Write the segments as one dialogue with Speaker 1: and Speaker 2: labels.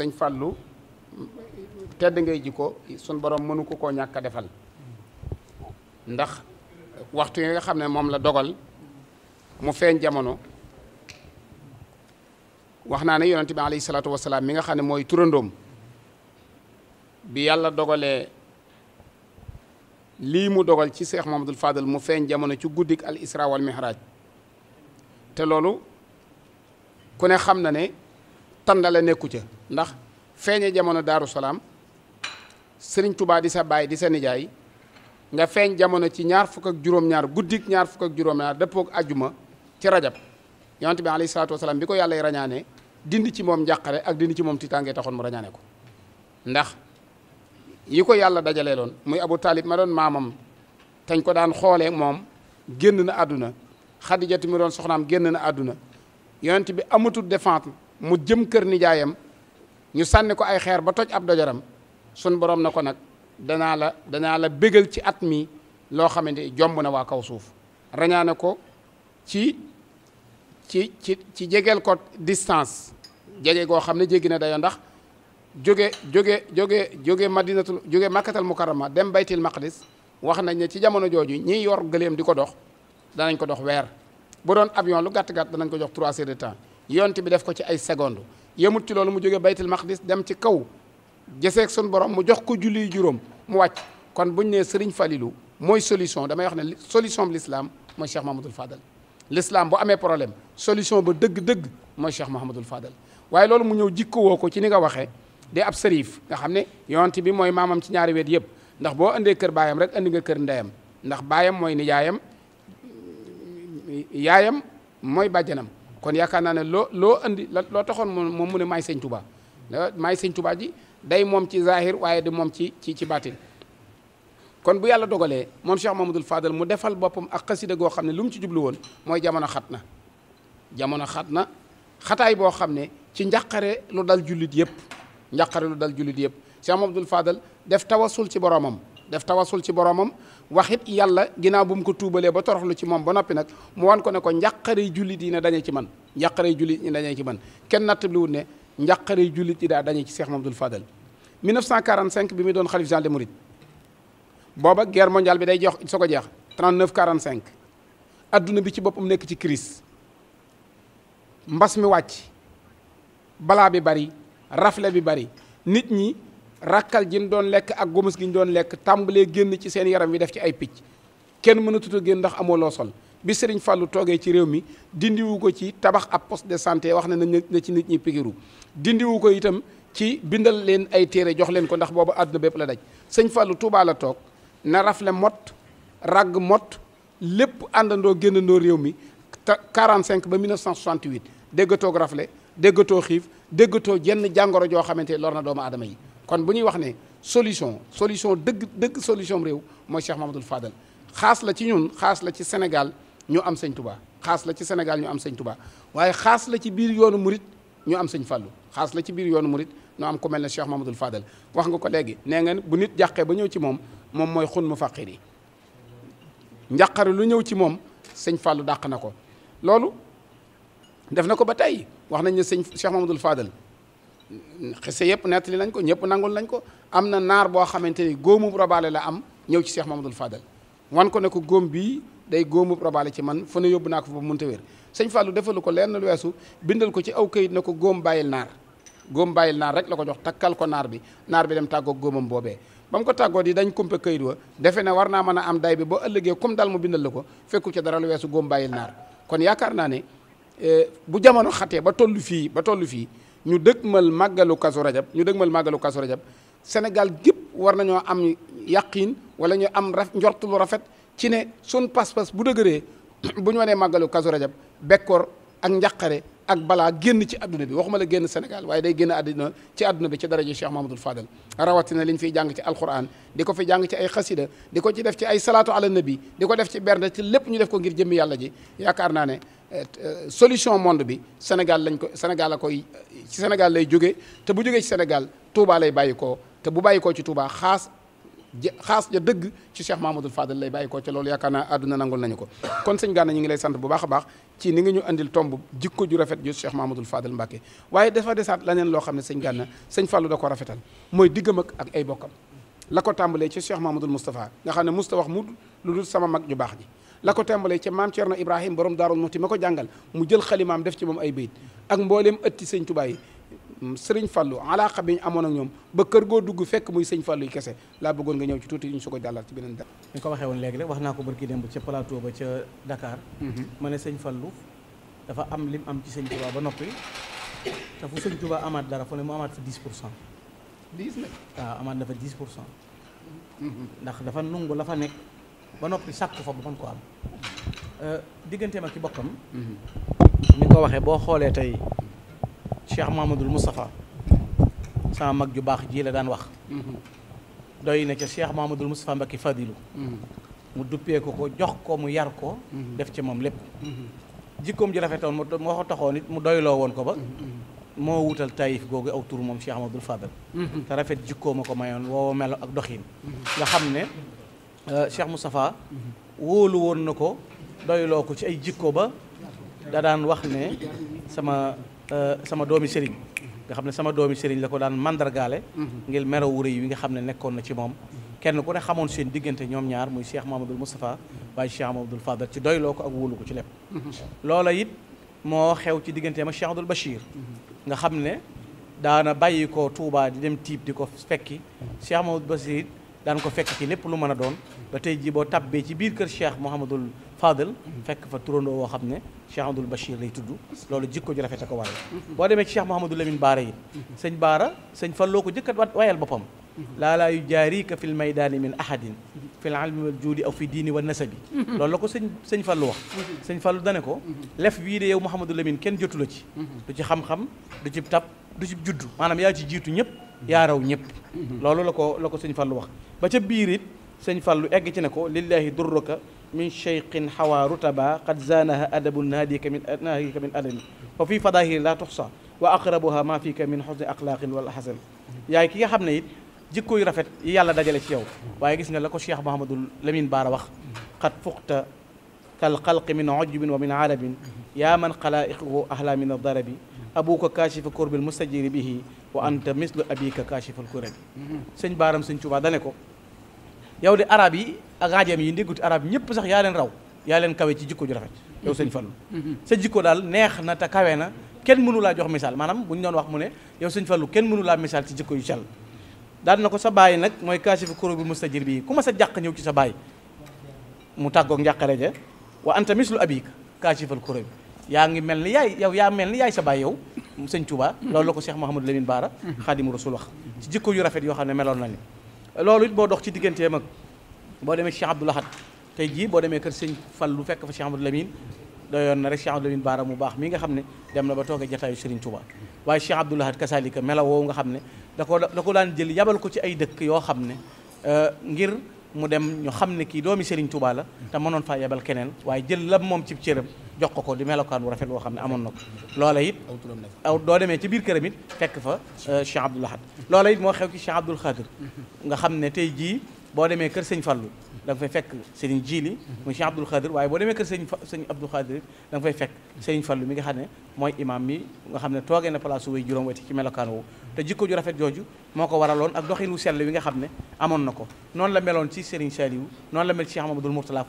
Speaker 1: sëñ Fallou tedd ngay jikko suñ borom mënu ko koo ñàkk defal ndax waxtu yi nga xam ne moom la dogal mu feeñ jamono wax naa ne yonente bi alayhi salaatu wasalaam mi nga xam ne mooy turandoom bi yàlla dogalee lii mu dogal ci seex Muhammadul Fadal mu feeñ jamono ci guddik al isra wal mihraj te loolu ku ne xam na ne tàndale nekku ca ndax feeñe jamono daaru salaam sëriñ tubaa di sa baay di sa nijaay nga feeñ jamono ci ñaar fukk ak juróom-ñaar guddik ñaar fukk ak juróom-ñaar dëppook àjjuma ci rajab yonent bi alayhi salaatu wasalaam bi ko yàllay rañaane dindi ci moom njàqare ak dindi ci moom tiitaange taxoon mu rañaane ko ndax yi ko yàlla dajalee loon muy abu taalib ma doon maamam tañ ko daan xoolee moom génn na àdduna xadijatu mi doon soxnaam génn na àdduna yonent bi amatul défense mu jëm kër nijaayam ñu sànni ko ay xeer ba toj ab dojaram sun boroom na ko nag danaa la danaa la bégal ci at mi loo xamante ni jomb na waa kaw suuf rañaane ko ci ci ci ci jegeel ko distance jege goo xam ne jéggi na dayoo ndax jóge jóge jóge jóge madinatul jóge makkatal mukarama dem baytil maqdis wax nañ ne ci jamono jooju ñiy yor gëléem di ko dox danañ ko dox weer bu doon avion lu gàtt gàtt danañ ko jox trois heures de temps yonte bi def ko ci ay seconde yemut ci loolu mu jógee baytul maqdis dem ci kaw jëseeg suñ borom mu jox ko julli juróom mu wàcc kon buñu nee Serigne falilu mooy solution damay wax ne solution bi l'islam mooy Cheikh Mahamadul Fadal l'islam bu amee problème solution ba dëgg-dëgg mooy Cheikh Mahamadul Fadal waaye loolu mu ñëw jikkowoo ko ci ni nga waxee de ab sërif nga xam ne yonte bi mooy maamam ci ñaari weet yëpp ndax boo indee kër baayam rek indi nga kër ndeyam ndax baayam mooy nijaayam yaayam mooy bàjjanam kon yaakaar naa ne loo loo indi la loo taxoon moom mu ne may sëñ Touba maay sëñ Touba ji day moom ci zahir waaye di moom ci ci ci baatin kon bu yàlla dogalee moom Cheikh Mamadou Fadal mu defal boppam ak xasida goo xam ne lu mu ci jublu woon mooy jamono xat na jamono xat na xataay boo xam ne ci njàqare lu dal jullit yëpp njàqare lu dal jullit yëpp Cheikh Mamadou Fadal def tawasul ci boromam def tawasul ci boromam wax it yàlla ginnaaw bu mu ko tuubalee ba toroxlu ci moom ba noppi nag mu wan ko ne ko njàqare jullit yi ne dañee ci man njàqare jullit ñi dañee ci man kenn nattabliwut ne njàqare jullit yi daa dañee ci seex Cheikh Mamadou Fadal 1945 bi muy doon xalif général des mourides booba guerre mondiale bi day jox soog a jeex 39 45 adduna bi ci boppam nekk ci crise mbas mi wàcc balaa bi bari rafle bi bari nit ñi rakkal ji ñu doon lekk ak gomus gi ñu doon lekk tàmbalee génn ci seen yaram wi def ci ay picc kenn mënatut a génn ndax amoo loo sol bi sëriñ Fallou toogee ci réew mi dindiwu ko ci tabax ab post de santé wax na na ci nit ñi pikiru dindiwu ko itam ci bindal leen ay téere jox leen ko ndax boobu àdduna bépp la daj sëñ Fallou Touba la toog na rafle mot ragg mot lépp àndandoo génnandoo réew mi te 45 ba 1968 déggatoo rafle déggatoo xiif déggatoo jenn jàngoro joo xamante lor na doomu aadama yi kon bu ñuy wax ne solution solution dëgg dëgg solution réew mooy Cheikh Mamadou Fadal xaas la ci ñun xaas la ci Sénégal ñu am sëñ Touba xaas la ci Sénégal ñu am sëñ Touba waaye xaas la ci biir yoonu murit ñu am sëñ fàllu xaas la ci biir yoonu murit ñu am ku mel ne Cheikh Mamadou Fadal wax nga ko léegi nee nga bu nit jàqee ba ñëw ci moom moom mooy xun mu fàqir yi njàqare lu ñëw ci moom sëñ fàllu dàq na ko loolu def na ko ba tey wax nañ ne sëñ Cheikh Mamadou Fadal xese yëpp nettali nañ ko ñëpp nangul nañ ko am na naar boo xamante ni góomub robaale la am ñëw ci Cheikh Mamadou Fadal wan ko ne ko góom bii day góomub robaale ci man fu ne yóbbu naa ko fa mënta wér sëñ Fallou defalu ko lenn lu weesu bindal ko ci aw kayit na ko góom bàyyil naar góom bàyyil naar rek la ko jox takkal ko naar bi naar bi dem tàggoog góomam boobee ba ko tàggoo di dañ kumpe këyit wa defe ne war naa mën a am day bi boo ëllëgee comme daal mu bindal la ko fekku ci dara weesu góom bàyyil naar kon yaakaar naa ne eh, bu jamono xatee ba toll fii ba toll fii ñu dëkk mël màggalu kasu rajab ñu dëgmal màggalu kasu rajab Sénégal gépp war nañoo am yàqiin wala ñu am raf njort lu rafet ci ne sun pas-pas bu dëgëree bu ñu waree màggalu kasu rajab bekkoor ak njaqare ak balaa génn ci àdduna bi waxuma la génn Sénégal waaye day génn adduna ci àdduna bi ci daraja Cheikh Mahamadul Fadal rawatina liñ fiy jàng ci alquran di ko fi jàng ci ay xasida di ko ci def ci ay salaatu ala nabi di ko def ci bernde ci lépp ñu def ko ngir jëmmi yàlla ji yaakaar naa ne euh, euh, solution monde bi Sénégal lañ ko Sénégal la koy ci Sénégal lay jóge te bu jógee ci Sénégal Touba lay bàyyi koo te bu bàyyi koo ci Touba xaas je xaas ja dëgg ci Cheikh Mahamadoul Fadal lay bàyyi ko ca loolu yaakaar naa àdduna nangul nañu ko kon sëñ Gana ñu ngi lay sant bu baax a baax ci ni nga ñu andil tomb jikko ju rafet ju Cheikh Mahamadoul Fadal Mbàkke waaye dafa desaat leneen loo xam ne sañ Gana sëñ Fallou da ko rafetal mooy diggam ak ak ay bokkam la ko tàmbalee ci Cheikh Mahamadoul Moustapha nga xam ne musta wax mu lu dul sama mag ju baax ji la ko tàmbalee ca maam Thierno Ibrahima borom daarul muti ma ko jàngal mu jël xalimaam def ci moom ay bayit ak mbooleem ëtti sëñ Tuubaa yi sëriñ Fallou alaaqa bi ñu amoon ak ñoom ba kër goo dugg fekk muy sëñ Fallou yi kese laa bëggoon nga ñëw ci tuuti ñu su ko jàllal ci beneen dal
Speaker 2: ñu ko waxee woon léegi rek wax naa ko barki démb ca plateau ba ca Dakar mhm. ma ne sëñ Fallou dafa am lim am ci sëñ Touba ba noppi te fu sëñ Touba amaat dara fu ne mu amaat fa diis pour cent 10 nag waaw amaat na fa 10 pour cent mhm. ndax dafa nungu la fa nekk ba noppi sàkku fa ba mën ko am euh, digganteem ak ci bokkam
Speaker 1: mhm.
Speaker 2: ko waxee boo xoolee tey Cheikh Mahmadul Moustapha sama mag ju baax ji la daan wax mm-hmm. doy na ca Cheikh Mahmadul Moustapha Mbacke Fadilu mm-hmm. mu duppee ko ko jox ko mu yar ko mm-hmm. def ci moom lépp jikkoom ji rafetoon moo ko mu doyloo woon ko ba moo wutal tayif googu aw tur moom Cheikh Ahmadul Fadal te rafet jikkoom a ko mayoon woowa melo ak doxin nga xam ne euh, Cheikh Moustapha wóolu na ko doyloo ko ci ay jikko ba da daan wax ne sama Euh, sama doomi sëriñ nga xam ne sama doomi sëriñ la ko daan mandargaale mhm. ngir wu rëy wi nga xam ne nekkoon na ci moom kenn ku ne xamoon seen diggante ñoom ñaar muy Cheikh Mamadou Moustapha waaye Cheikh Mamadou Fadal ci doyloo ko ak wóolu ko ci lépp mhm. loola it moo xew ci digganteem ak Cheikh Abdoul Bachir mhm. nga xam ne daana bàyyi ko tuubaa di dem tiib di ko fekki Cheikh Mamadou Bachir daan ko fekk ci lépp lu mën a doon ba tey jii boo tabbee ci biir kër Cheikh Mouhamadul Fadel fekk fa turandoo woo xam ne Cheikh Amadul Bachir lay tudd loolu jikko ju rafet ko waaye boo demee ci Cheikh Mouhamadul Lamine Baara yi sëñ Baara sëñ Falloo ko jëkkat wat wayal boppam laalaa yu jaarika fil maydaani min ahadin fil almi wal juudi aw fi diini wa nasabi loolu la ko sëñ sëñ Fallu wax sëñ Fallu dane ko lef bii de yow Mouhamadul Lamine kenn jotu la ci du ci xam-xam du ci tab du ci juddu maanaam yaa ci jiitu ñëpp yaa raw ñëpp loolu la ko la ko sëñ Fallu wax ba ca biir it sëñ Fallu egg ci ne ko lillahi durruka min cheyqin xawaa rutaba qad zaanaha adabu naadika min naadika min adami wa fii fadaahiri la tuxsa wa aqrabuha ma fika min xusni axlaaqin wala xasan yaay ki nga xam ne it jikko yu rafet yi yàlla dajale ci yow waaye gis nga la ko cheikh mahamadul lamin baara wax qad fuqta kal xalqi min ojbin wa min arabin yaa man xalaa'iquhu ahla min adarabi abuka kaashifa kurbil mustajiri bihi wa anta mislu abika kaashifal kurabi sëñ baaram sëñ Tuubaa dane ko yow de araab yi ak xaajaam yi ndéggut arab ñëpp sax yaa leen raw yaa leen kawe ci jikko ju rafet yow sëñ Fallu sa jikko daal neex na te kawe na kenn mënu laa jox misaal maanaam bu ñu doon wax mu ne yow sëñ Fallu kenn mënula laa misaal ci jikko yu sell daal na ko sa bàyyi nag mooy kaashifa kurbil mustajiri bihi ku ma sa jàq ñëw ci sa bàyyi mu tàggoog njàqare ja wa anta mislu abika kaashifal yaa ngi mel ni yaay yow yaa mel ni yaay sa baay yow sëñ Touba loolu la ko Cheikh Mouhamadou Lamine Bara Xaadimu Rasul wax ci jikko yu rafet yoo xam ne meloon na ni loolu it boo dox ci digganteem ak boo demee Cheikh Abdou Lahad tey jii boo demee kër sëñ lu fekk fa Cheikh Mouhamadou Lamine doyoon na rek Cheikh Abdou mu baax mi nga xam ne dem na ba toogee jataayu Serigne Touba waaye Cheikh Abdou Lahad kasaalika melaw woowu nga xam ne da ko da ko daan jël yabal ko ci ay dëkk yoo xam ne euh, ngir mu dem ñu xam ne kii doomi Serigne Touba la te mënoon faa yabal keneen waaye jël la moom ci cëram jox ko ko di melokaan bu rafet woo xam ne amoon na ko loola it aw doo demee ci biir këram it fekk fa euh, Cheikh Abdoul Ahad loola it moo xew ci Cheikh Abdoul Khadir mm-hmm. nga xam ne tey jii boo demee kër sëñ Fallou da nga fay fekk Serigne Jili muy Cheikh Abdoul Khadir waaye mi nga xam ne mooy imam mi nga xam ne toogee na place way juróom wati ci melokaan woowu te jikko ju rafet jooju moo ko waraloon ak doxin wu sell wi nga xam ne amoon na ko noonu la meloon ci Serigne Saliou noonu la mel ci Cheikh Mamadou Mourtala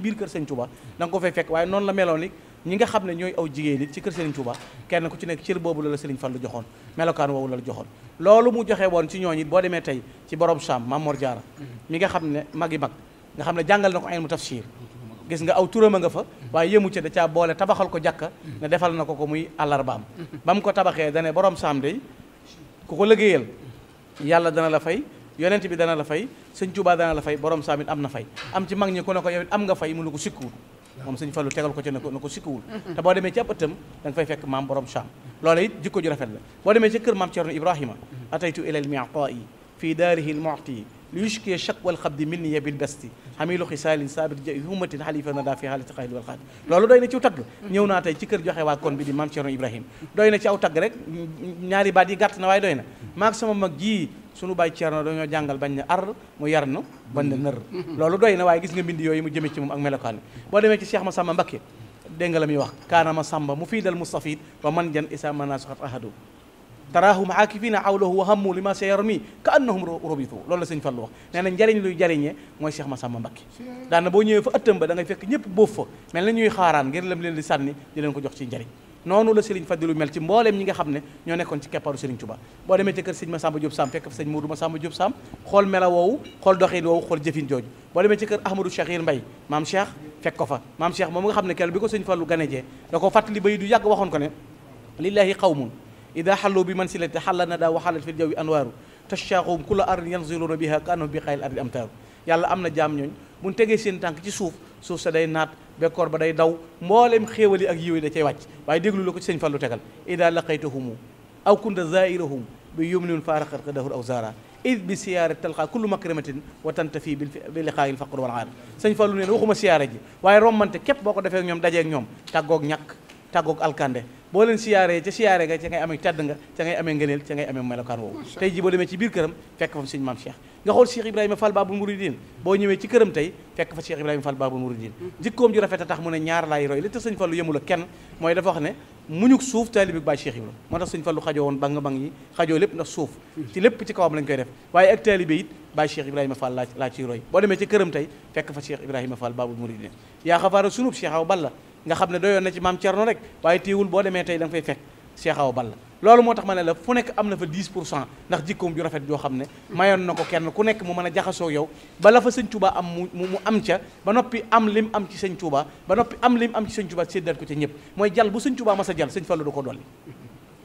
Speaker 2: biir kër Serigne Touba da nga ko fay fekk waaye noonu la meloon it ñi nga xam ne ñooy aw jigéen nit ci kër Serigne Touba kenn ku ci nekk cër boobu la la Serigne Fallou joxoon melokaan woowu la la joxoon loolu mu joxe woon ci ñooñu boo demee tey ci borom Sam Mamor Diara mi nga xam ne magi mag nga xam ne jàngal na ko ilmu tafsir gis nga aw turam a nga fa waaye yëmu ca da caa boole tabaxal ko jàkka ne defal na ko ko muy àllarbaam ba mu ko tabaxee dane borom saam day ku ko liggéeyal yàlla dana la fay yonent bi dana la fay sëñ Tuubaa dana la fay borom saam it am na fay am ci mag ñi ku ne ko yow it am nga fay mu ne ko sikkuwul moom sëñ Fallu tegal ko ca ne ko ne ko sikkuwul te boo demee ci ab ëttam da fay fekk maam borom saam loola it jikko ju la boo demee ci kër maam Cerno Ibrahima ataytu ilal miqaa yi fii daarihi l mu'ti ليشكي الشق والخبد مني بالبستي حميل خصال صابر همة حليفة ندا في حالة قائد والقائد loolu doy na ci naa tey ci kër joxe waa kon bi di maam ñaari baat yi gàtt na waaye doy na maag sama mag jii sunu bàyyi Cerno dañoo jàngal bañ na ar mu yar na bañ na nër loolu doy na waaye gis nga mbind yooyu mu jëme ci moom ak melokaan bi boo demee ci Cheikh Massamba Mbacké dégg nga la muy wax kaanama samba mu fii dal mustafid wa man jan isa manasuxat ahadu taraahum aakifina awlahu wa hammu lima sa yarmi ka annahum rubitu loolu la sëñ Fallu wax nee na njariñ luy jariñee mooy Cheikh Massamba Mbakke daana boo ñëwee fa ëttam ba da ngay fekk ñëpp boof fa mel na ñuy xaaraan ngir leen di sànni di leen ko jox ci njariñ noonu la Serigne Fadilu mel ci mbooleem ñi nga xam ne ñoo nekkoon ci kepparu Serigne Touba boo demee ci kër sëñ Massamba Diop Sam fekk fa sëñ Mourou Massamba Diop Sam xool mela woowu xool doxin woowu xool jëfin jooju boo demee ci kër Ahmadou Chahir mbay maam Cheikh fekk ko fa maam Cheikh moom nga xam ne kenn bi ko sëñ Fallu ganejee da ko fàttali bay du yàgg waxoon ko ne lillahi qawmun ida xallu bi man silati xalla na daa waxalat fil jawwi anwaaru tashaqum kula ardin yanziluna biha ka annahum bi xayl ardi amtaaru yàlla am na jaam ñooñ buñ tegee seen tànk ci suuf suuf sa day naat bekkoor ba day daw mboolem xéewal yi ak yiw yi da cay wàcc waaye déglu la ko ci sëñ Fallu tegal ida laqaytahumu aw kunta zairahum bi yumnin faaraqat qadahur aw zaara id bi siyaare talqa kullu makrimatin wa tantafi bi liqaayil faqr wal aar sëñ Fallu nee waxuma siyaare waaye rommante képp boo ko defee ñoom dajeek ñoom tàggoog ñàkk tàggoog alkande boo leen siyaaree ca siyaare nga ca ngay amee tàdd nga ca ngay amee ngëneel ca ngay amee melokaan woowu tey ji boo demee ci biir këram fekk fa sëñ maam Cheikh nga xool Cheikh Ibrahima Fall Babul Mouridine ci këram tey fekk fa Cheikh Ibrahima Fall Babul Mouridine mm-hmm. jikkoom a ne ñaar laay roy li tax sëñ Fallu yemul ak kenn mooy dafa wax ne muñuk suuf taalibi baay Cheikh Ibrahima moo tax sëñ Fallu xajoo woon bang lépp ci kawam lañ koy def waaye ak taalibe it baay Cheikh Ibrahima Fall laa laa ciy roy boo demee ci këram tey fekk fa Cheikh Ibrahima Fall Babul Mouridine yaa xafaara sunub Cheikh Aw Balla nga xam ne doyoon na ci maam Thierno rek waaye téewul boo demee tey da nga fay fekk Cheikh Awa Balla loolu moo tax ma ne la fu nekk am na fa 10 pour cent ndax jikkoom ju rafet joo xam ne mayoon na ko kenn ku nekk mu mën a jaxasoo yow ba la fa sëñ Touba am mu mu am ca ba noppi am lim am ci sëñ Touba ba noppi am lim am ci sëñ Touba séddal ko ca ñëpp mooy jal bu sëñ Touba mas a jal sëñ Fallou da ko dolli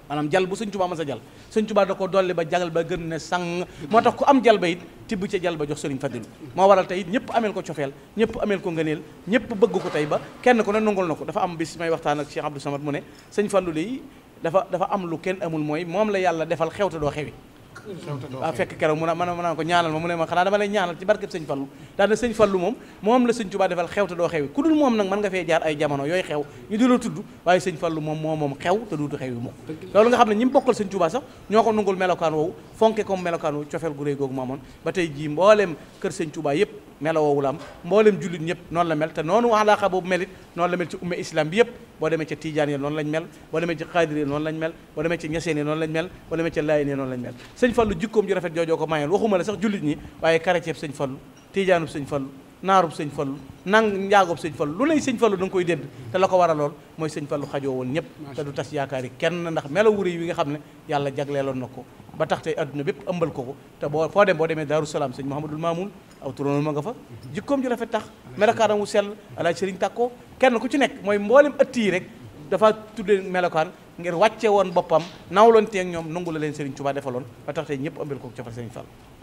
Speaker 2: maanaam jal bu sëñ tubaa masa jal sëñ tubaa da ko dolli ba jagal ba gën ne sang moo tax ku am jal ba it tibb ca jal ba jox sëriñ Fadilu moo waral tey it ñëpp ameel ko cofeel ñëpp ameel ko neel ñëpp bëgg ko tey ba kenn ku ne nungul na ko dafa am bis may waxtaan ak seex Abdou Samad mu ne sëñ Fallou yi dafa dafa am lu kenn amul mooy moom la yàlla defal xewte doo xewi waaw ah, fekk keroog mu na man ma ko ñaanal ma mu ne ma xanaa dama lay ñaanal ci barkeb sëñ fallu daal na sëñ fallu moom moom la sëñ Tuubaa defal xew te doo xewi ku dul moom nag mën nga fee jaar ay jamono yooyu xew ñu di la tudd waaye sëñ fallu moom moo moom xew te duutu xew yi mukk loolu nga xam ne ñi mu bokkal sëñ Tuubaa sax ñoo ko nungul melokaan woowu fonke comme melokaan woowu cofeel gu réy googu moomoon ba tey jii mbooleem kër sëñ Tuubaa yëpp melawoowu la am mboolem jullit ñëpp noonu la mel te noonu alaaka boobu mel it noonu la mel ci umma islam bi yëpp boo demee ca tijaan yi mel boo demee ci xaadir yi noonu lañ mel boo demee ci ñeseen yi noonu lañ mel boo demee ca laayin yi noonu lañ mel sëñ fallu jikkoom ji rafet joojoo ko mayoon waxuma la sax jullit ñi waaye karaceeb sëñ fallu tijaanub sëñ fallu naarub sëñ fallu nang njaagob sëñ fallu lu lay sëñ fallu da koy dédd te la ko war a lool mooy sëñ fallu xajoo woon ñëpp te du tas yaakaar yi kenn ndax mela wuri wi nga xam ne yàlla jagleeloon na ko ba tax tey adduna bépp ëmbal ko ko te boo foo boo demee daaru salaam sëñ Mouhamadul Mamoun aw turono ma nga fa jikkoom ju rafet tax melokaanam wu sell alaaj sëriñ tàkkoo kenn ku ci nekk mooy mboolem ëtt yi rek dafa tudde melokaan ngir wàcce woon boppam nawloon teeg ñoom nangu la leen sëriñ Tuubaa defaloon ba tax tey ñëpp ëmbel ko cofal sëriñ Fall